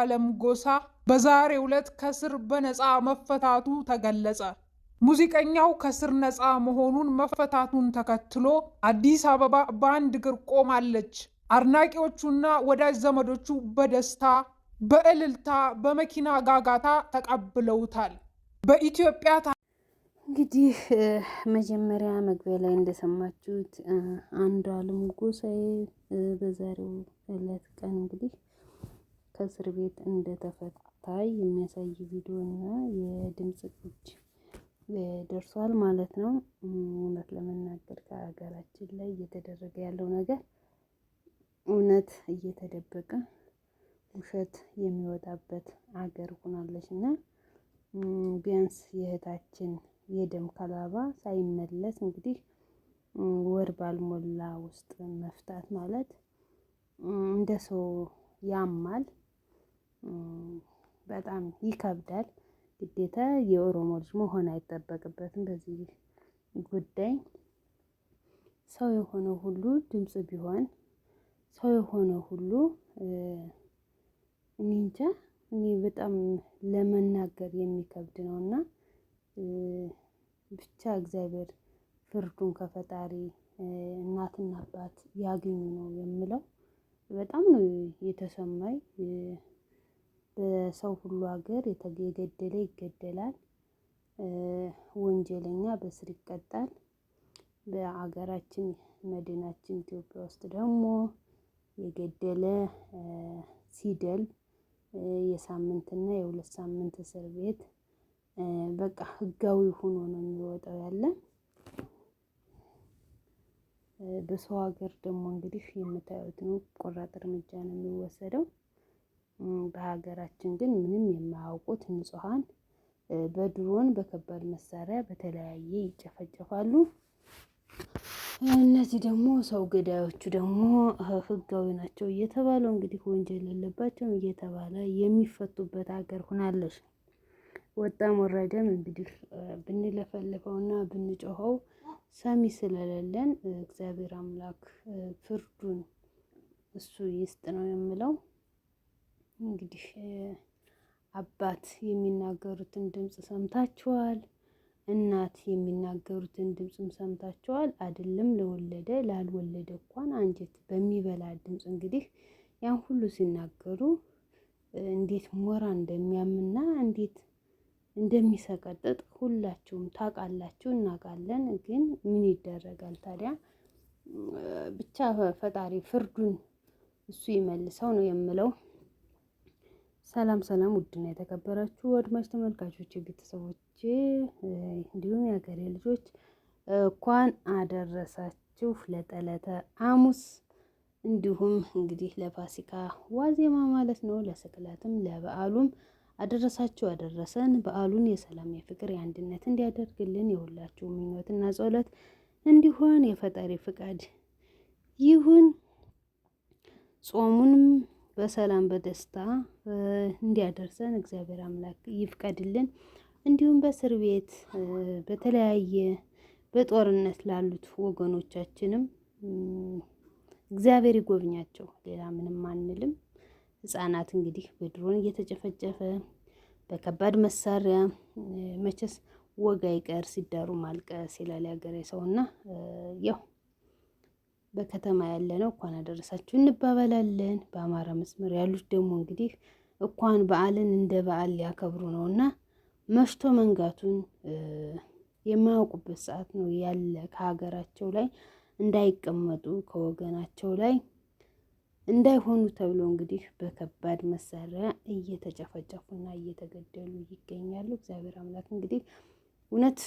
ዓለም ጎሳ በዛሬ ዕለት ከስር በነፃ መፈታቱ ተገለጸ። ሙዚቀኛው ከስር ነፃ መሆኑን መፈታቱን ተከትሎ አዲስ አበባ በአንድ እግር ቆማለች። አድናቂዎቹና ወዳጅ ዘመዶቹ በደስታ በእልልታ በመኪና ጋጋታ ተቀብለውታል። በኢትዮጵያ እንግዲህ መጀመሪያ መግቢያ ላይ እንደሰማችሁት አንዷለም ጎሳዬ በዛሬው ዕለት ቀን እንግዲህ ከእስር ቤት እንደተፈታ የሚያሳይ ቪዲዮ እና የድምፅ ቅጅ ደርሷል ማለት ነው። እውነት ለመናገር ከሀገራችን ላይ እየተደረገ ያለው ነገር እውነት እየተደበቀ ውሸት የሚወጣበት አገር ሆናለች እና ቢያንስ የእህታችን የደም ከላባ ሳይመለስ እንግዲህ ወር ባልሞላ ውስጥ መፍታት ማለት እንደ ሰው ያማል። በጣም ይከብዳል። ግዴታ የኦሮሞ ልጅ መሆን አይጠበቅበትም በዚህ ጉዳይ። ሰው የሆነ ሁሉ ድምጽ ቢሆን ሰው የሆነ ሁሉ እኔ እንጃ እኔ በጣም ለመናገር የሚከብድ ነው እና ብቻ እግዚአብሔር ፍርዱን ከፈጣሪ እናትና አባት ያገኙ ነው የምለው። በጣም ነው የተሰማኝ በሰው ሁሉ ሀገር የገደለ ይገደላል፣ ወንጀለኛ በስር ይቀጣል። በሀገራችን መዲናችን ኢትዮጵያ ውስጥ ደግሞ የገደለ ሲደል የሳምንትና የሁለት ሳምንት እስር ቤት በቃ ህጋዊ ሆኖ ነው የሚወጣው ያለ። በሰው ሀገር ደግሞ እንግዲህ የምታዩት ነው ቆራጥ እርምጃ ነው የሚወሰደው። በሀገራችን ግን ምንም የማያውቁት ንጹሀን በድሮን በከባድ መሳሪያ በተለያየ ይጨፈጨፋሉ። እነዚህ ደግሞ ሰው ገዳዮቹ ደግሞ ህጋዊ ናቸው እየተባለው እንግዲህ ወንጀል የለባቸውም እየተባለ የሚፈቱበት ሀገር ሆናለች። ወጣም ወረደም እንግዲህ ብንለፈልፈውና ብንጮኸው ሰሚ ስለሌለን እግዚአብሔር አምላክ ፍርዱን እሱ ይስጥ ነው የምለው። እንግዲህ አባት የሚናገሩትን ድምፅ ሰምታችኋል። እናት የሚናገሩትን ድምፅም ሰምታችኋል። አይደለም ለወለደ ላልወለደ እንኳን አንጀት በሚበላ ድምፅ እንግዲህ ያን ሁሉ ሲናገሩ እንዴት ሞራ እንደሚያምና እንዴት እንደሚሰቀጥጥ ሁላችሁም ታውቃላችሁ፣ እናውቃለን። ግን ምን ይደረጋል ታዲያ? ብቻ ፈጣሪ ፍርዱን እሱ ይመልሰው ነው የምለው። ሰላም ሰላም፣ ውድና የተከበራችሁ አድማጭ ተመልካቾች፣ ቤተሰቦቼ እንዲሁም የሀገሬ ልጆች እንኳን አደረሳችሁ ለጠለተ ሐሙስ እንዲሁም እንግዲህ ለፋሲካ ዋዜማ ማለት ነው። ለስቅለትም ለበዓሉም አደረሳችሁ አደረሰን። በዓሉን የሰላም የፍቅር የአንድነት እንዲያደርግልን የሁላችሁ ምኞትና ጸሎት እንዲሆን የፈጣሪ ፍቃድ ይሁን። ጾሙንም በሰላም በደስታ እንዲያደርሰን እግዚአብሔር አምላክ ይፍቀድልን። እንዲሁም በእስር ቤት በተለያየ በጦርነት ላሉት ወገኖቻችንም እግዚአብሔር ይጎብኛቸው። ሌላ ምንም አንልም። ህጻናት እንግዲህ በድሮን እየተጨፈጨፈ በከባድ መሳሪያ መቼስ ወግ አይቀር ሲዳሩ ማልቀስ ይላል ያገሬ ሰውና ያው በከተማ ያለ ነው እንኳን አደረሳችሁ እንባበላለን። በአማራ መስመር ያሉት ደግሞ እንግዲህ እንኳን በዓልን እንደ በዓል ሊያከብሩ ነው እና መሽቶ መንጋቱን የማያውቁበት ሰዓት ነው ያለ። ከሀገራቸው ላይ እንዳይቀመጡ ከወገናቸው ላይ እንዳይሆኑ ተብሎ እንግዲህ በከባድ መሳሪያ እየተጨፈጨፉና እየተገደሉ ይገኛሉ። እግዚአብሔር አምላክ እንግዲህ እውነት